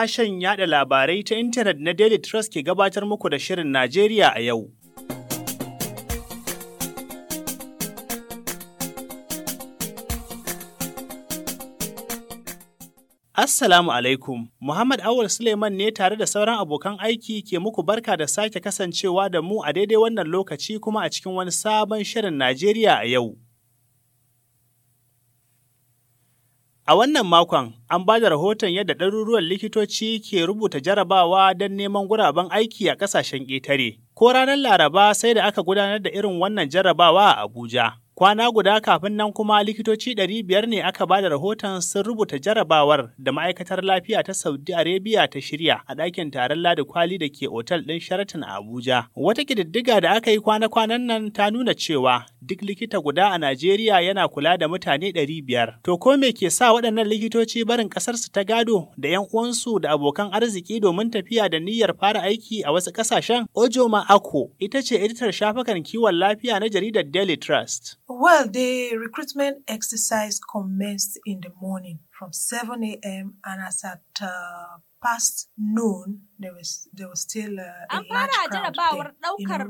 sashen yada labarai ta intanet na Daily Trust ke gabatar muku da Shirin Najeriya a yau. Assalamu alaikum, Muhammad Awul Suleiman ne tare da sauran abokan aiki ke muku barka da sake kasancewa da mu a daidai wannan lokaci kuma a cikin wani sabon Shirin Najeriya a yau. A wannan makon, an ba da rahoton yadda ɗaruruwan likitoci ke rubuta jarabawa don neman guraben aiki a ƙasashen ƙetare. Ko ranar Laraba sai da aka gudanar da irin wannan jarrabawa a Abuja. Kwana guda kafin nan kuma likitoci 500 ne aka ba da rahoton sun rubuta jarrabawar da ma'aikatar lafiya ta Saudi Arabia ta shirya a ɗakin taron Ladi Kwali da ke otal ɗin Sheraton a Abuja. Wata ƙididdiga da aka yi kwana-kwanan nan ta nuna cewa duk likita guda a Najeriya yana kula da mutane 500. To ko me ke sa waɗannan likitoci barin ƙasarsu ta gado da 'yan uwansu da abokan arziki domin tafiya da niyyar fara aiki a wasu ƙasashen? Ojoma Ako ita ce editar shafukan kiwon lafiya na jaridar Daily Trust. Well, the recruitment exercise commenced in the morning from 7 a.m. and as at uh, past noon there was there was still uh, a An fara jarabawar ɗaukar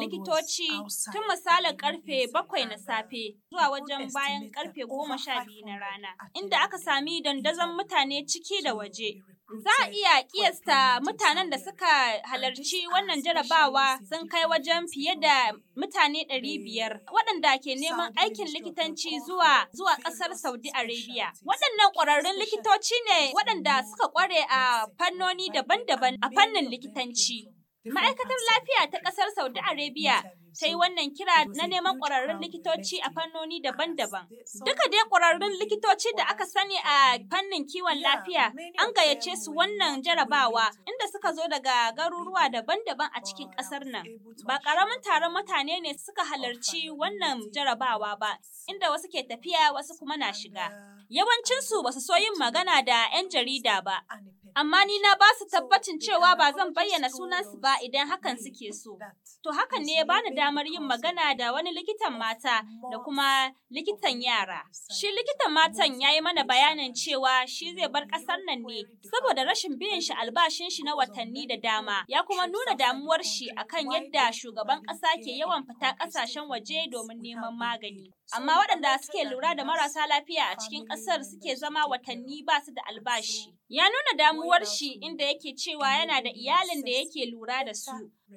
likitoci tun misalin karfe bakwai na safe zuwa wajen bayan karfe goma sha biyu na rana, inda aka sami dandazon mutane ciki da waje Za a iya kiyasta mutanen da suka halarci wannan jarabawa sun kai wajen fiye da mutane 500 waɗanda ke neman aikin likitanci zuwa zuwa ƙasar Saudi Arabia. Waɗannan ƙwararrun likitoci ne waɗanda suka ƙware a fannoni daban-daban a fannin likitanci. Ma'aikatar lafiya ta ƙasar Saudi Arabia ta yi wannan kira na neman ƙwararrun likitoci a fannoni daban-daban. Duka dai ƙwararrun likitoci da aka sani a fannin kiwon lafiya an gayyace su wannan jarabawa inda suka zo daga garuruwa daban-daban a cikin ƙasar nan. Ba ƙaramin taron mutane ne suka halarci wannan jarabawa ba, inda wasu ke tafiya wasu kuma na shiga. Uh, Yawancinsu ba su so yin magana da 'yan jarida ba. amma ni na ba su tabbacin cewa ba zan bayyana sunansu ba idan hakan suke so. To hakan ne ya bani damar yin magana da wani likitan mata da kuma likitan yara. Shi likitan matan ya yi mana bayanin cewa shi zai bar ƙasar nan ne saboda rashin biyan shi albashin shi na watanni da dama. Ya kuma nuna damuwar shi akan yadda shugaban ƙasa ke yawan fita ƙasashen waje domin neman magani. Amma waɗanda suke lura da marasa lafiya a cikin ƙasar suke zama watanni ba su da albashi. ya nuna damuwar shi inda yake cewa yana da iyalin da yake lura da su.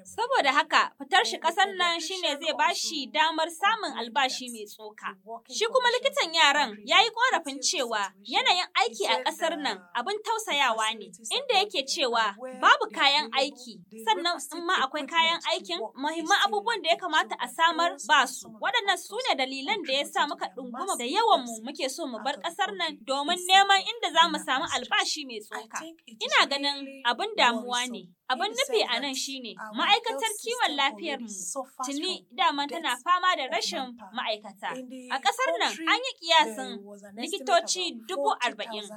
Saboda haka, fitar shi ƙasar nan shine zai ba shi damar samun albashi mai tsoka. Shi kuma likitan yaran ya yi ƙorafin cewa yanayin aiki a ƙasar nan abin tausayawa ne, inda yake cewa babu kayan aiki, sannan in ma akwai kayan aikin muhimman abubuwan da ya kamata a samar ba su. Waɗannan su ne dalilan da ya sa muka ɗunguma da yawan mu muke so mu bar ƙasar nan domin neman inda za mu samu albashi albashi mai tsoka. Ina ganin abin damuwa ne. Abin nufi a nan shine ma'aikatar kiwon lafiyarmu tuni daman tana fama da rashin ma'aikata. A ƙasar nan an yi kiyasin likitoci dubu arba'in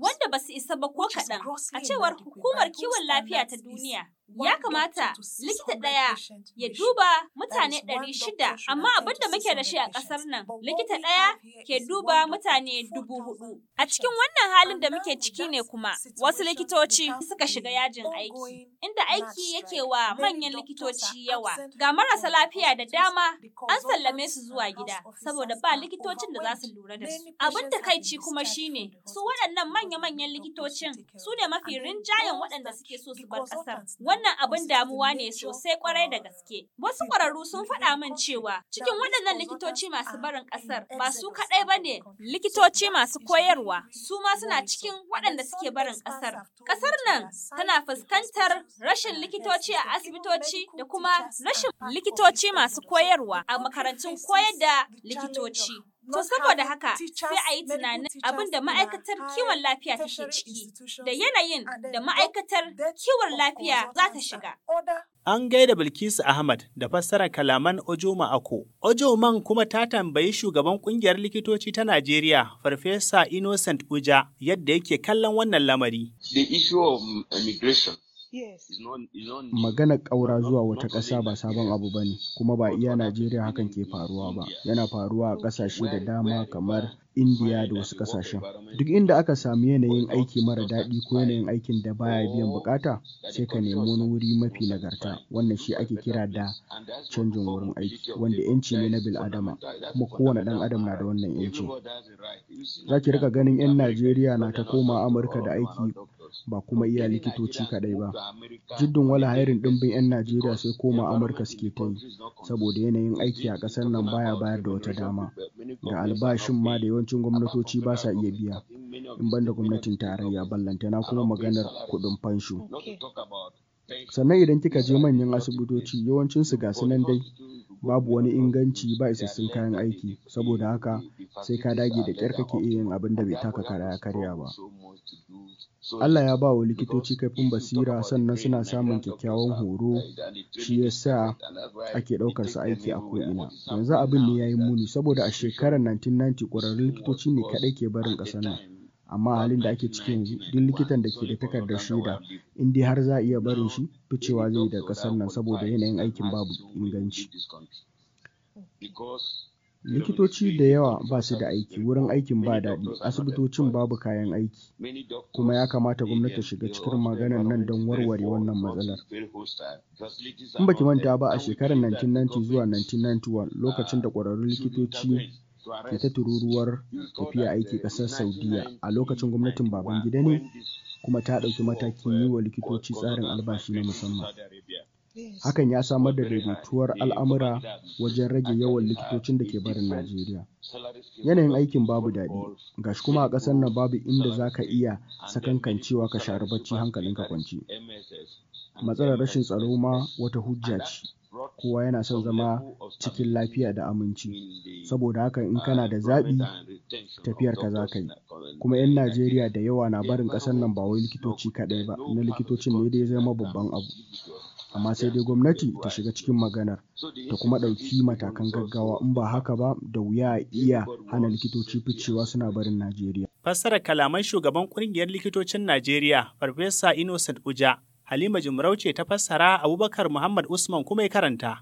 wanda ba su isa ba ko kaɗan a cewar hukumar kiwon lafiya ta duniya. Ya kamata likita ɗaya ya duba mutane ɗari shida, amma abin da muke da shi a ƙasar nan, likita ɗaya ke duba mutane dubu hudu. A cikin wannan halin da muke ciki ne kuma, wasu likitoci suka shiga yajin aiki, inda aiki yake wa manyan likitoci yawa. Ga marasa lafiya da dama an sallame su zuwa gida, saboda ba likitocin da za su lura da su. Abin takaici kuma shine, su waɗannan manya-manyan likitocin su ne mafi rinjayen waɗanda suke so su bar ƙasar. Wannan abin damuwa ne sosai kwarai da gaske. Wasu kwararru sun faɗa min cewa cikin waɗannan likitoci masu barin ƙasar ba su kaɗai ba ne likitoci masu koyarwa su ma suna cikin waɗanda suke barin ƙasar. Ƙasar nan tana fuskantar rashin likitoci a asibitoci da kuma rashin likitoci masu koyarwa a makarantun koyar da likitoci. To saboda haka sai a yi tunanin abin da ma'aikatar kiwon lafiya ta ke ciki da yanayin da ma'aikatar kiwon lafiya za ta shiga. An gaida Bilkisu Ahmad da fassara kalaman Ojoma Ako. Ojoman kuma ta tambayi shugaban kungiyar likitoci ta Najeriya, Farfesa Innocent Uja, yadda yake kallon wannan lamari. The issue of immigration Maganar ƙaura zuwa wata ƙasa ba sabon abu ba ne, kuma ba iya Najeriya hakan ke faruwa ba, yana faruwa a ƙasashe da dama kamar indiya da wasu kasashen duk inda aka sami yanayin aiki mara daɗi ko yanayin aikin da baya biyan bukata sai ka nemi wani wuri mafi nagarta wannan shi ake kira da canjin wurin aiki wanda yanci ne na bil adama, kuma kowane ɗan adam na da wannan yanci za ki rika ganin 'yan najeriya na ta koma amurka da aiki ba kuma iya likitoci kaɗai ba jiddin wala hairin ɗimbin 'yan najeriya sai koma amurka suke ta saboda yanayin aiki a ƙasar nan baya bayar da wata dama da albashin ma da yawan yawancin gwamnatoci ba sa iya biya in banda gwamnatin tarayya na kuma maganar kuɗin fansho sannan idan kika je manyan asibitoci yawancinsu ga su nan dai babu wani inganci ba isassun kayan aiki saboda haka sai ka dage da kyar kake iya yin abin da bai taka kara ya karya ba Allah ya ba wa likitoci kafin basira sannan suna samun kyakkyawan horo shi yasa ake daukar su aiki a ko'ina yanzu abin ne ya yi muni saboda a shekarar 1990 ƙwararrun likitoci ne kaɗai ke barin ƙasar nan amma halin da ake ciki yanzu duk likitan da ke da takardar shaida in dai har za a iya barin shi ficewa zai da kasar nan saboda yanayin aikin babu inganci likitoci da yawa ba su da aiki wurin aikin ba daɗi asibitocin babu kayan aiki kuma ya kamata gwamnati shiga cikin maganar nan don warware wannan matsalar in baki manta ba a shekarar 1990 zuwa 1991 lokacin da ƙwararrun likitoci ke ta tururuwar tafiya aiki ƙasar saudiya a lokacin gwamnatin baban gida ne kuma ta ɗauki matakin yi wa likitoci tsarin albashi na musamman hakan ya samar da daidaituwar al'amura wajen rage yawan likitocin da ke barin najeriya yanayin aikin babu daɗi gashi kuma a ƙasar nan babu inda za ka iya cewa ka share bacci hankalinka kwanci matsalar rashin tsaro ma wata hujja ce kowa yana son zama cikin lafiya da aminci saboda haka in kana da zaɓi tafiyar ka za ka yi kuma 'yan najeriya da yawa na barin ƙasar nan ba wai likitoci kaɗai ba na likitocin ne dai zama babban abu amma sai dai gwamnati ta shiga cikin maganar ta kuma ɗauki matakan gaggawa in ba haka ba da wuya iya hana likitoci ficewa suna barin najeriya Fassara kalaman shugaban ƙungiyar likitocin najeriya farfesa innocent uja Halima Jimarauce ta fassara Abubakar Muhammad Usman kuma ya karanta.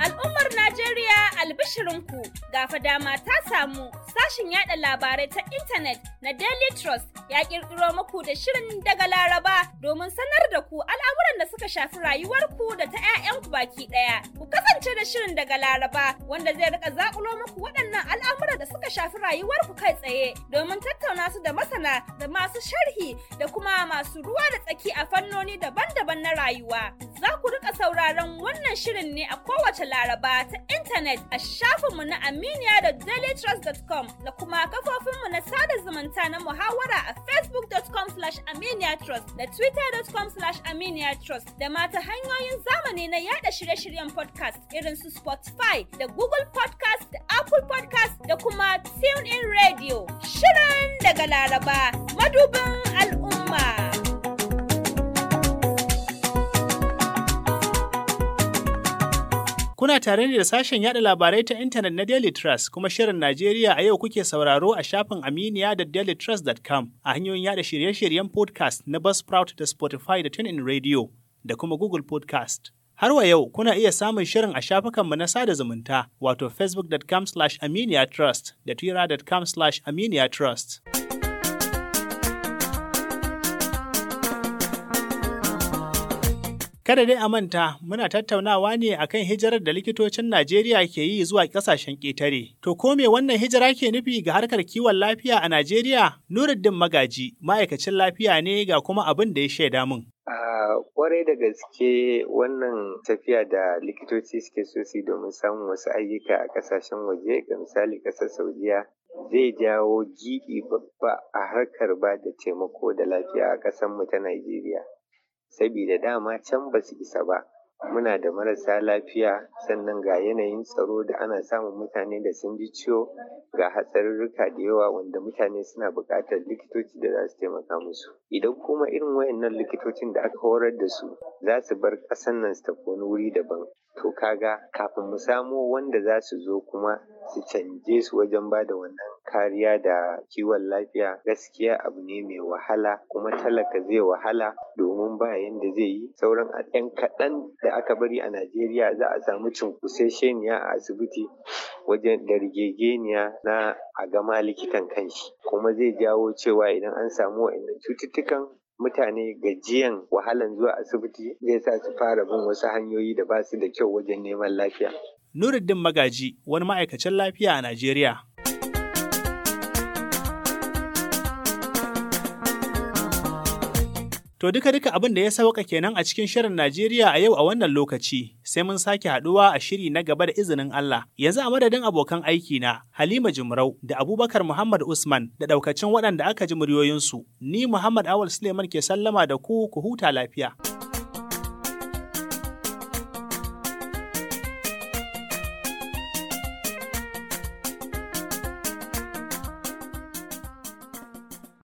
Al'ummar Najeriya albishirinku gafa dama ta samu sashin yada labarai ta intanet na Daily Trust ya kirkiro muku da shirin daga Laraba domin sanar da ku al'amuran da suka shafi rayuwarku da ta 'ya'yanku baki ɗaya. Ku kasa dakace da shirin daga Laraba wanda zai rika zakulo muku waɗannan al'amuran da suka shafi rayuwar ku kai tsaye domin tattauna su da masana da masu sharhi da kuma masu ruwa da tsaki a fannoni daban-daban na rayuwa. Za ku rika sauraron wannan shirin ne a kowace Laraba ta intanet a shafinmu na aminiya da dailytrust.com da kuma kafofinmu na sada zumunta na muhawara a facebook.com slash aminiyatrust da twitter.com slash aminiyatrust da mata hanyoyin zamani na yada shirye-shiryen podcast irin su Spotify da Google Podcast da Apple Podcast da kuma TuneIn Radio. Shirin daga Laraba madubin al'umma. Kuna tare ne da sashen yada labarai ta intanet na Daily Trust kuma shirin Najeriya a yau kuke sauraro a shafin Aminiya da dailytrust.com a hanyoyin yada shirye-shiryen podcast na Buzzsprout da Spotify da TuneIn Radio da kuma Google Podcast. Har wa yau kuna iya samun shirin a shafukanmu na sada zumunta wato facebookcom aminiatrust da twittercom aminiatrust. Kada dai a manta muna tattaunawa ne akan hijirar da likitocin Najeriya ke yi zuwa ƙasashen ƙetare. To ko me wannan hijira ke nufi ga harkar kiwon lafiya a Najeriya? Nuruddin Magaji ma'aikacin lafiya ne ga kuma abin da ya shaida mun. kwarai da gaske wannan tafiya da likitoci suke so su domin samun wasu ayyuka a kasashen waje ga misali kasar saudiya zai jawo gibi babba a harkar ba da taimako da lafiya a mu ta najeriya sabida dama can ba su isa ba muna da marasa lafiya sannan ga yanayin tsaro da ana samun mutane da sun ji ciwo ga hatsarurruka da yawa wanda mutane suna buƙatar likitoci da za su taimaka musu idan kuma irin wayannan likitocin da aka horar da su za su bar ƙasan nan su tafi wani wuri daban to kaga kafin mu samo wanda za su zo kuma su canje su wajen ba da wannan kariya da kiwon lafiya gaskiya abu ne mai wahala kuma talaka zai wahala domin ba yanda zai yi sauran yan kaɗan da aka bari a najeriya za a samu cunkusasheniya a asibiti wajen da rigegeniya na a gama likitan kanshi kuma zai jawo cewa idan an samu wa'annan cututtukan mutane gajiyan wahalan zuwa asibiti zai sa su fara bin wasu hanyoyi da ba su da kyau wajen neman lafiya. Nuruddin Magaji wani ma'aikacin lafiya a Najeriya To duka-duka abin da ya sauka kenan a cikin shirin Najeriya a yau a wannan lokaci, sai mun sake haduwa a shiri na gaba da izinin Allah. Yanzu a madadin abokan aiki na Halima Jumrau da Abubakar Muhammad Usman da ɗaukacin waɗanda aka ji muryoyinsu, ni Muhammad Awal Suleiman ke sallama da ku ku huta lafiya.